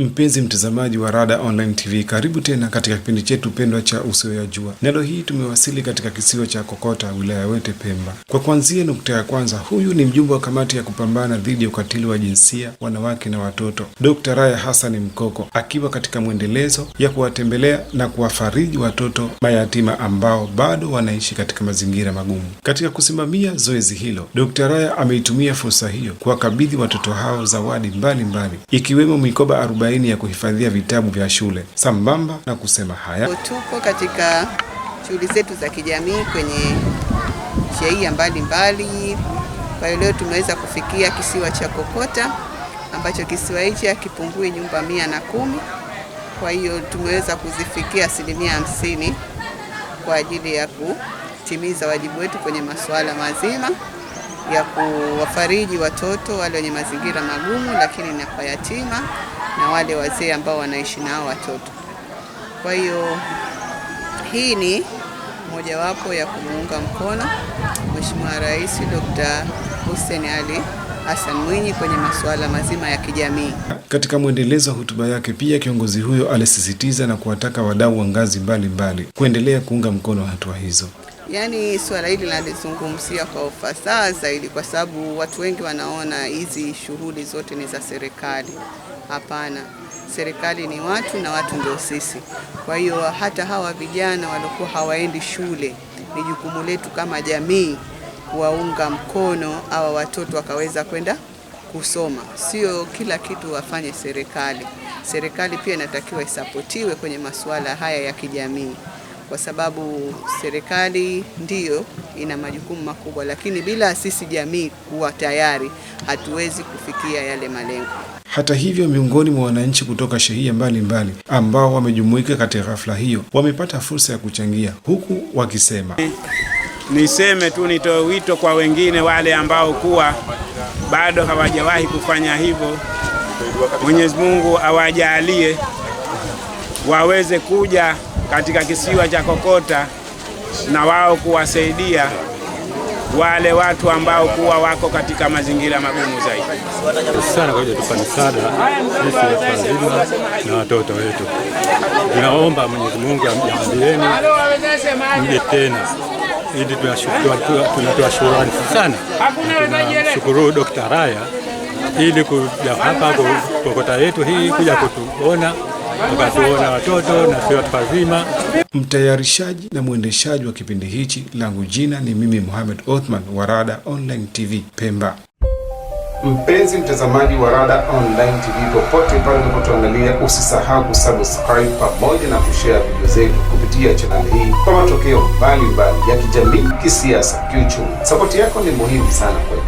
Mpenzi mtazamaji wa Rada Online TV, karibu tena katika kipindi chetu pendwa cha Usioyajua. Neno hii tumewasili katika kisiwa cha Kokota, wilaya Wete, Pemba. Kwa kuanzia nukta ya kwanza, huyu ni mjumbe wa kamati ya kupambana dhidi ya ukatili wa jinsia wanawake na watoto, Dr. Raya Hassan Mkoko, akiwa katika mwendelezo ya kuwatembelea na kuwafariji watoto mayatima ambao bado wanaishi katika mazingira magumu. Katika kusimamia zoezi hilo, Dr. Raya ameitumia fursa hiyo kuwakabidhi watoto hao zawadi mbalimbali ikiwemo mikoba 40 laini ya kuhifadhia vitabu vya shule. Sambamba na kusema haya, tuko katika shughuli zetu za kijamii kwenye sheria mbalimbali. Kwa hiyo leo tumeweza kufikia kisiwa cha Kokota ambacho kisiwa hichi akipungui nyumba mia na kumi. Kwa hiyo tumeweza kuzifikia asilimia hamsini kwa ajili ya kutimiza wajibu wetu kwenye masuala mazima ya kuwafariji watoto wale wenye mazingira magumu, lakini na kwa yatima na wale wazee ambao wanaishi nao watoto. Kwa hiyo hii ni mojawapo ya kumuunga mkono Mheshimiwa Rais Dr. Hussein Ali Hassan Mwinyi kwenye masuala mazima ya kijamii. Katika mwendelezo wa hotuba yake pia kiongozi huyo alisisitiza na kuwataka wadau wa ngazi mbalimbali kuendelea kuunga mkono hatua hizo. Yaani suala hili linalizungumzia kwa ufasaha zaidi, kwa sababu watu wengi wanaona hizi shughuli zote ni za serikali, Hapana, serikali ni watu na watu ndio sisi. Kwa hiyo hata hawa vijana waliokuwa hawaendi shule, ni jukumu letu kama jamii kuwaunga mkono hawa watoto wakaweza kwenda kusoma. Sio kila kitu wafanye serikali. Serikali pia inatakiwa isapotiwe kwenye masuala haya ya kijamii, kwa sababu serikali ndiyo ina majukumu makubwa, lakini bila sisi jamii kuwa tayari, hatuwezi kufikia yale malengo. Hata hivyo, miongoni mwa wananchi kutoka shehia mbalimbali ambao wamejumuika katika hafla hiyo wamepata fursa ya kuchangia huku wakisema Niseme tu nitoe wito kwa wengine wale ambao kuwa bado hawajawahi kufanya hivyo, Mwenyezi Mungu awajalie waweze kuja katika kisiwa cha Kokota na wao kuwasaidia wale watu ambao kuwa wako katika mazingira magumu zaidi. Sana kwa kutupa msaada sisi wazima na watoto wetu, tunaomba Mwenyezi Mungu amjaalieni mje tena ili tunatoa shukrani sana, tunashukuru Dokta Raya ili kuja hapa kokota yetu hii kuja kutuona wakati watoto na si watu wazima. Mtayarishaji na mwendeshaji wa kipindi hichi, langu jina ni mimi Mohamed Othman wa Rada Online TV Pemba. Mpenzi mtazamaji wa Rada Online TV popote pale unapotuangalia, usisahau kusubscribe pamoja na kushare video zetu kupitia chaneli hii kwa matokeo mbalimbali ya kijamii, kisiasa, kiuchumi. Sapoti yako ni muhimu sana kwetu.